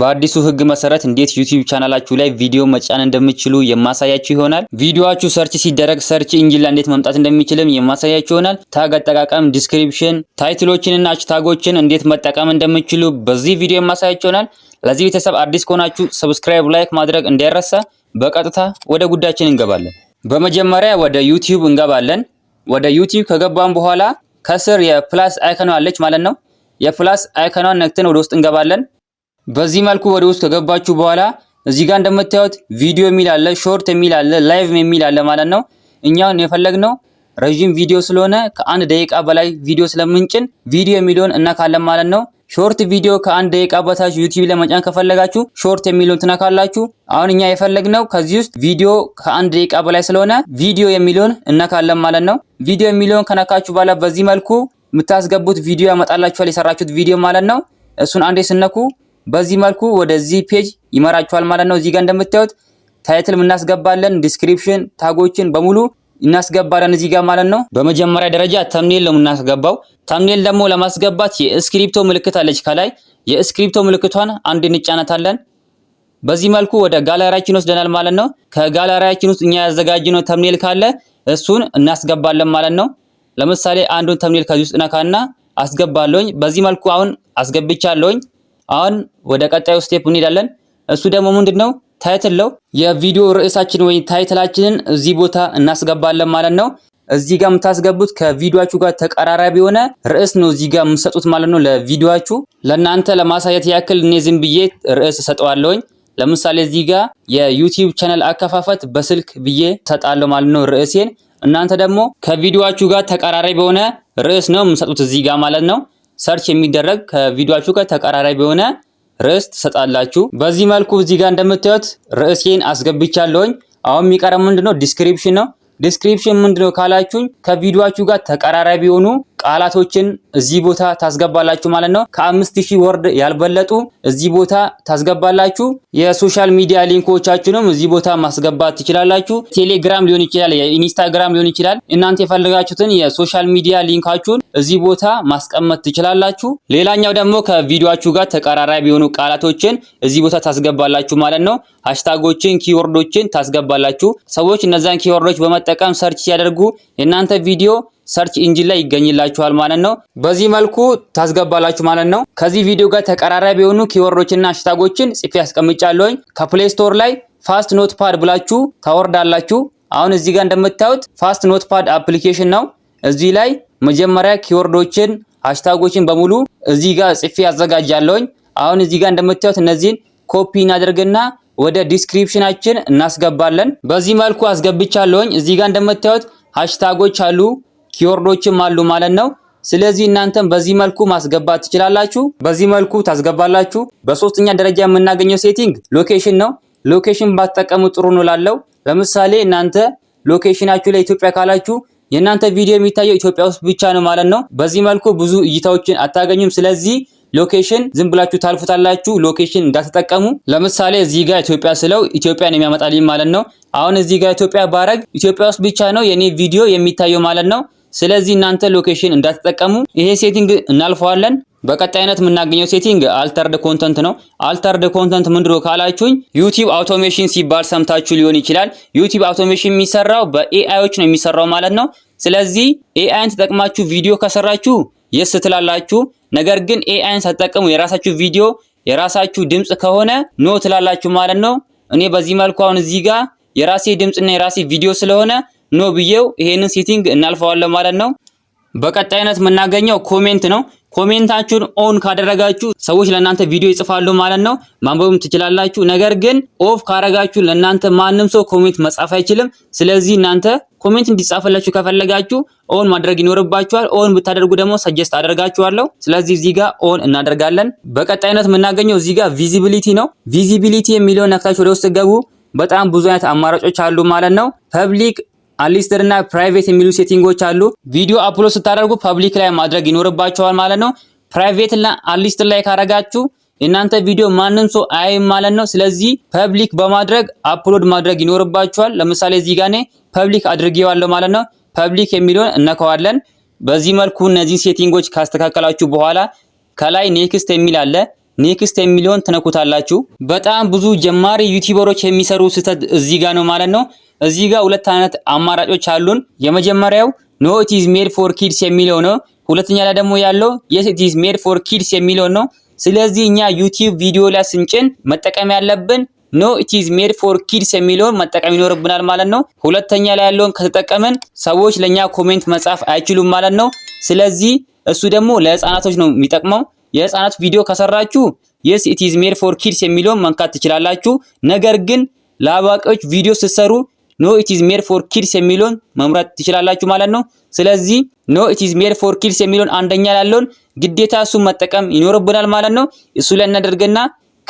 በአዲሱ ህግ መሰረት እንዴት ዩቲዩብ ቻናላችሁ ላይ ቪዲዮ መጫን እንደምችሉ የማሳያችሁ ይሆናል። ቪዲዮአችሁ ሰርች ሲደረግ ሰርች ኢንጂን ላይ እንዴት መምጣት እንደሚችልም የማሳያችሁ ይሆናል። ታግ አጠቃቀም፣ ዲስክሪፕሽን፣ ታይትሎችንና ሃሽታጎችን እንዴት መጠቀም እንደምችሉ በዚህ ቪዲዮ የማሳያችሁ ይሆናል። ለዚህ ቤተሰብ አዲስ ከሆናችሁ ሰብስክራይብ፣ ላይክ ማድረግ እንዳይረሳ። በቀጥታ ወደ ጉዳያችን እንገባለን። በመጀመሪያ ወደ ዩቲዩብ እንገባለን። ወደ ዩቲዩብ ከገባን በኋላ ከስር የፕላስ አይከኗ አለች ማለት ነው። የፕላስ አይከኗን ነክተን ወደ ውስጥ እንገባለን። በዚህ መልኩ ወደ ውስጥ ከገባችሁ በኋላ እዚህ ጋር እንደምታዩት ቪዲዮ የሚል አለ፣ ሾርት የሚል አለ፣ ላይቭ የሚል አለ ማለት ነው። እኛውን የፈለግነው ረዥም ቪዲዮ ስለሆነ ከአንድ ደቂቃ በላይ ቪዲዮ ስለምንጭን ቪዲዮ የሚለውን እናካለን ማለት ነው። ሾርት ቪዲዮ ከአንድ ደቂቃ በታች ዩቲዩብ ለመጫን ከፈለጋችሁ ሾርት የሚለውን ትነካላችሁ። አሁን እኛ የፈለግነው ከዚህ ውስጥ ቪዲዮ ከአንድ ደቂቃ በላይ ስለሆነ ቪዲዮ የሚለውን እናካለን ማለት ነው። ቪዲዮ የሚለውን ከነካችሁ በኋላ በዚህ መልኩ የምታስገቡት ቪዲዮ ያመጣላችኋል፣ የሰራችሁት ቪዲዮ ማለት ነው። እሱን አንዴ ስነኩ በዚህ መልኩ ወደዚህ ፔጅ ይመራችኋል ማለት ነው። እዚህ ጋር እንደምታዩት ታይትልም እናስገባለን፣ ዲስክሪፕሽን ታጎችን በሙሉ እናስገባለን እዚህ ጋር ማለት ነው። በመጀመሪያ ደረጃ ተምኔል ነው የምናስገባው። ተምኔል ደግሞ ለማስገባት የእስክሪፕቶ ምልክት አለች ከላይ። የእስክሪፕቶ ምልክቷን አንድ እንጫነታለን። በዚህ መልኩ ወደ ጋላሪያችን ወስደናል ማለት ነው። ከጋላሪያችን ውስጥ እኛ ያዘጋጅነው ተምኔል ካለ እሱን እናስገባለን ማለት ነው። ለምሳሌ አንዱን ተምኔል ከዚህ ውስጥ ነካና አስገባለሁኝ። በዚህ መልኩ አሁን አስገብቻለሁኝ። አሁን ወደ ቀጣዩ ስቴፕ እንሄዳለን። እሱ ደግሞ ምንድን ነው? ታይትል ነው። የቪዲዮ ርዕሳችን ወይ ታይትላችንን እዚህ ቦታ እናስገባለን ማለት ነው። እዚህ ጋር የምታስገቡት ከቪዲዮአችሁ ጋር ተቀራራቢ የሆነ ርዕስ ነው እዚህ ጋር የምትሰጡት ማለት ነው። ለቪዲዮአችሁ ለእናንተ ለማሳየት ያክል እኔ ዝም ብዬ ርዕስ እሰጠዋለሁኝ። ለምሳሌ እዚህ ጋር የዩቲዩብ ቻናል አከፋፈት በስልክ ብዬ እሰጣለሁ ማለት ነው ርዕሴን። እናንተ ደግሞ ከቪዲዮአችሁ ጋር ተቀራራቢ የሆነ ርዕስ ነው የምሰጡት እዚህ ጋር ማለት ነው። ሰርች የሚደረግ ከቪዲዮቹ ጋር ተቀራራቢ የሆነ ርዕስ ትሰጣላችሁ። በዚህ መልኩ እዚህ ጋር እንደምታዩት ርዕሴን አስገብቻለሁኝ። አሁን የሚቀረው ምንድነው? ዲስክሪፕሽን ነው። ዲስክሪፕሽን ምንድነው ካላችሁኝ ከቪዲዮአችሁ ጋር ተቀራራቢ የሆኑ ቃላቶችን እዚህ ቦታ ታስገባላችሁ ማለት ነው። ከአምስት ሺህ ወርድ ያልበለጡ እዚህ ቦታ ታስገባላችሁ። የሶሻል ሚዲያ ሊንኮቻችሁንም እዚህ ቦታ ማስገባት ትችላላችሁ። ቴሌግራም ሊሆን ይችላል፣ የኢንስታግራም ሊሆን ይችላል። እናንተ የፈለጋችሁትን የሶሻል ሚዲያ ሊንካችሁን እዚህ ቦታ ማስቀመጥ ትችላላችሁ። ሌላኛው ደግሞ ከቪዲዮችሁ ጋር ተቀራራቢ የሆኑ ቃላቶችን እዚህ ቦታ ታስገባላችሁ ማለት ነው። ሃሽታጎችን፣ ኪወርዶችን ታስገባላችሁ። ሰዎች እነዛን ኪወርዶች በመ በመጠቀም ሰርች ሲያደርጉ የእናንተ ቪዲዮ ሰርች ኢንጂን ላይ ይገኝላችኋል ማለት ነው። በዚህ መልኩ ታስገባላችሁ ማለት ነው። ከዚህ ቪዲዮ ጋር ተቀራራቢ የሆኑ ኪወርዶችና ሽታጎችን ጽፌ ያስቀምጫለሁኝ። ከፕሌይ ስቶር ላይ ፋስት ኖትፓድ ብላችሁ ታወርዳላችሁ። አሁን እዚህ ጋር እንደምታዩት ፋስት ኖትፓድ አፕሊኬሽን ነው። እዚህ ላይ መጀመሪያ ኪወርዶችን ሃሽታጎችን በሙሉ እዚህ ጋር ጽፌ ያዘጋጃለሁኝ። አሁን እዚህ ጋር እንደምታዩት እነዚህን ኮፒ እናደርግና ወደ ዲስክሪፕሽናችን እናስገባለን። በዚህ መልኩ አስገብቻለሁኝ። እዚህ ጋር እንደምታዩት ሃሽታጎች አሉ፣ ኪወርዶችም አሉ ማለት ነው። ስለዚህ እናንተም በዚህ መልኩ ማስገባት ትችላላችሁ። በዚህ መልኩ ታስገባላችሁ። በሶስተኛ ደረጃ የምናገኘው ሴቲንግ ሎኬሽን ነው። ሎኬሽን ባትጠቀሙ ጥሩ ነው ላለው። ለምሳሌ እናንተ ሎኬሽናችሁ ላይ ኢትዮጵያ ካላችሁ የእናንተ ቪዲዮ የሚታየው ኢትዮጵያ ውስጥ ብቻ ነው ማለት ነው። በዚህ መልኩ ብዙ እይታዎችን አታገኙም። ስለዚህ ሎኬሽን ዝም ብላችሁ ታልፉታላችሁ። ሎኬሽን እንዳትጠቀሙ። ለምሳሌ እዚህ ጋር ኢትዮጵያ ስለው ኢትዮጵያን የሚያመጣልኝ ማለት ነው። አሁን እዚህ ጋር ኢትዮጵያ ባረግ ኢትዮጵያ ውስጥ ብቻ ነው የኔ ቪዲዮ የሚታየው ማለት ነው። ስለዚህ እናንተ ሎኬሽን እንዳትጠቀሙ። ይሄ ሴቲንግ እናልፈዋለን። በቀጣይነት የምናገኘው ሴቲንግ አልተርድ ኮንተንት ነው። አልተርድ ኮንተንት ምንድሮ ካላችሁኝ ዩቲብ አውቶሜሽን ሲባል ሰምታችሁ ሊሆን ይችላል። ዩቲብ አውቶሜሽን የሚሰራው በኤአዮች ነው የሚሰራው ማለት ነው። ስለዚህ ኤአይን ተጠቅማችሁ ቪዲዮ ከሰራችሁ የስ ትላላችሁ ነገር ግን ኤአይን ሳትጠቀሙ የራሳችሁ ቪዲዮ የራሳችሁ ድምጽ ከሆነ ኖ ትላላችሁ ማለት ነው። እኔ በዚህ መልኩ አሁን እዚህ ጋር የራሴ ድምጽና የራሴ ቪዲዮ ስለሆነ ኖ ብዬው ይሄንን ሴቲንግ እናልፈዋለን ማለት ነው። በቀጣይነት የምናገኘው ኮሜንት ነው። ኮሜንታችሁን ኦን ካደረጋችሁ ሰዎች ለእናንተ ቪዲዮ ይጽፋሉ ማለት ነው፣ ማንበብም ትችላላችሁ። ነገር ግን ኦፍ ካረጋችሁ ለእናንተ ማንም ሰው ኮሜንት መጻፍ አይችልም። ስለዚህ እናንተ ኮሜንት እንዲጻፈላችሁ ከፈለጋችሁ ኦን ማድረግ ይኖርባችኋል። ኦን ብታደርጉ ደግሞ ሰጀስት አደርጋችኋለሁ። ስለዚህ እዚህ ጋር ኦን እናደርጋለን። በቀጣይነት የምናገኘው እዚህ ጋር ቪዚቢሊቲ ነው። ቪዚቢሊቲ የሚለውን ነክታችሁ ወደ ውስጥ ገቡ። በጣም ብዙ አይነት አማራጮች አሉ ማለት ነው። ፐብሊክ አንሊስትድ እና ፕራይቬት የሚሉ ሴቲንጎች አሉ። ቪዲዮ አፕሎድ ስታደርጉ ፐብሊክ ላይ ማድረግ ይኖርባቸዋል ማለት ነው። ፕራይቬት እና አንሊስትድ ላይ ካረጋችሁ የእናንተ ቪዲዮ ማንም ሰው አይ ማለት ነው። ስለዚህ ፐብሊክ በማድረግ አፕሎድ ማድረግ ይኖርባችኋል። ለምሳሌ እዚህ ጋኔ ፐብሊክ አድርጌዋለሁ ማለት ነው። ፐብሊክ የሚለውን እነካዋለን። በዚህ መልኩ እነዚህ ሴቲንጎች ካስተካከላችሁ በኋላ ከላይ ኔክስት የሚል አለ። ኔክስት የሚለውን ትነኩታላችሁ። በጣም ብዙ ጀማሪ ዩቲዩበሮች የሚሰሩ ስህተት እዚህ ጋ ነው ማለት ነው። እዚህ ጋር ሁለት አይነት አማራጮች አሉን። የመጀመሪያው ኖ ኢት ኢዝ ሜድ ፎር ኪድስ የሚለው ነው። ሁለተኛ ላይ ደግሞ ያለው የስ ኢት ኢዝ ሜድ ፎር ኪድስ የሚለው ነው። ስለዚህ እኛ ዩቲዩብ ቪዲዮ ላይ ስንጭን መጠቀም ያለብን ኖ ኢት ኢዝ ሜድ ፎር ኪድስ የሚለውን መጠቀም ይኖርብናል ማለት ነው። ሁለተኛ ላይ ያለውን ከተጠቀምን ሰዎች ለኛ ኮሜንት መጻፍ አይችሉም ማለት ነው። ስለዚህ እሱ ደግሞ ለህፃናቶች ነው የሚጠቅመው። የህፃናት ቪዲዮ ከሰራችሁ የስ ኢት ኢዝ ሜድ ፎር ኪድስ የሚለውን መንካት ትችላላችሁ። ነገር ግን ለአዋቂዎች ቪዲዮ ስትሰሩ ኖ ኢት ኢዝ ሜድ ፎር ኪድስ የሚለውን መምራት ትችላላችሁ ማለት ነው። ስለዚህ ኖ ኢት ኢዝ ሜድ ፎር ኪድስ የሚለውን አንደኛ ላለውን ግዴታ እሱን መጠቀም ይኖርብናል ማለት ነው። እሱ ላይ እናደርግና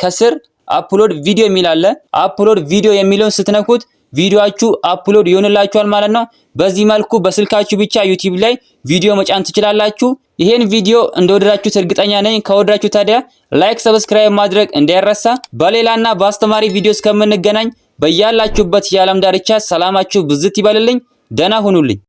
ከስር አፕሎድ ቪዲዮ የሚል አለ። አፕሎድ ቪዲዮ የሚለውን ስትነኩት ቪዲዮአችሁ አፕሎድ ይሆንላችኋል ማለት ነው። በዚህ መልኩ በስልካችሁ ብቻ ዩቲዩብ ላይ ቪዲዮ መጫን ትችላላችሁ። ይሄን ቪዲዮ እንደወደዳችሁት እርግጠኛ ነኝ። ከወደዳችሁ ታዲያ ላይክ፣ ሰብስክራይብ ማድረግ እንዳይረሳ። በሌላና በአስተማሪ ቪዲዮ እስከምንገናኝ በያላችሁበት የዓለም ዳርቻ ሰላማችሁ ብዝት ይበልልኝ። ደህና ሁኑልኝ።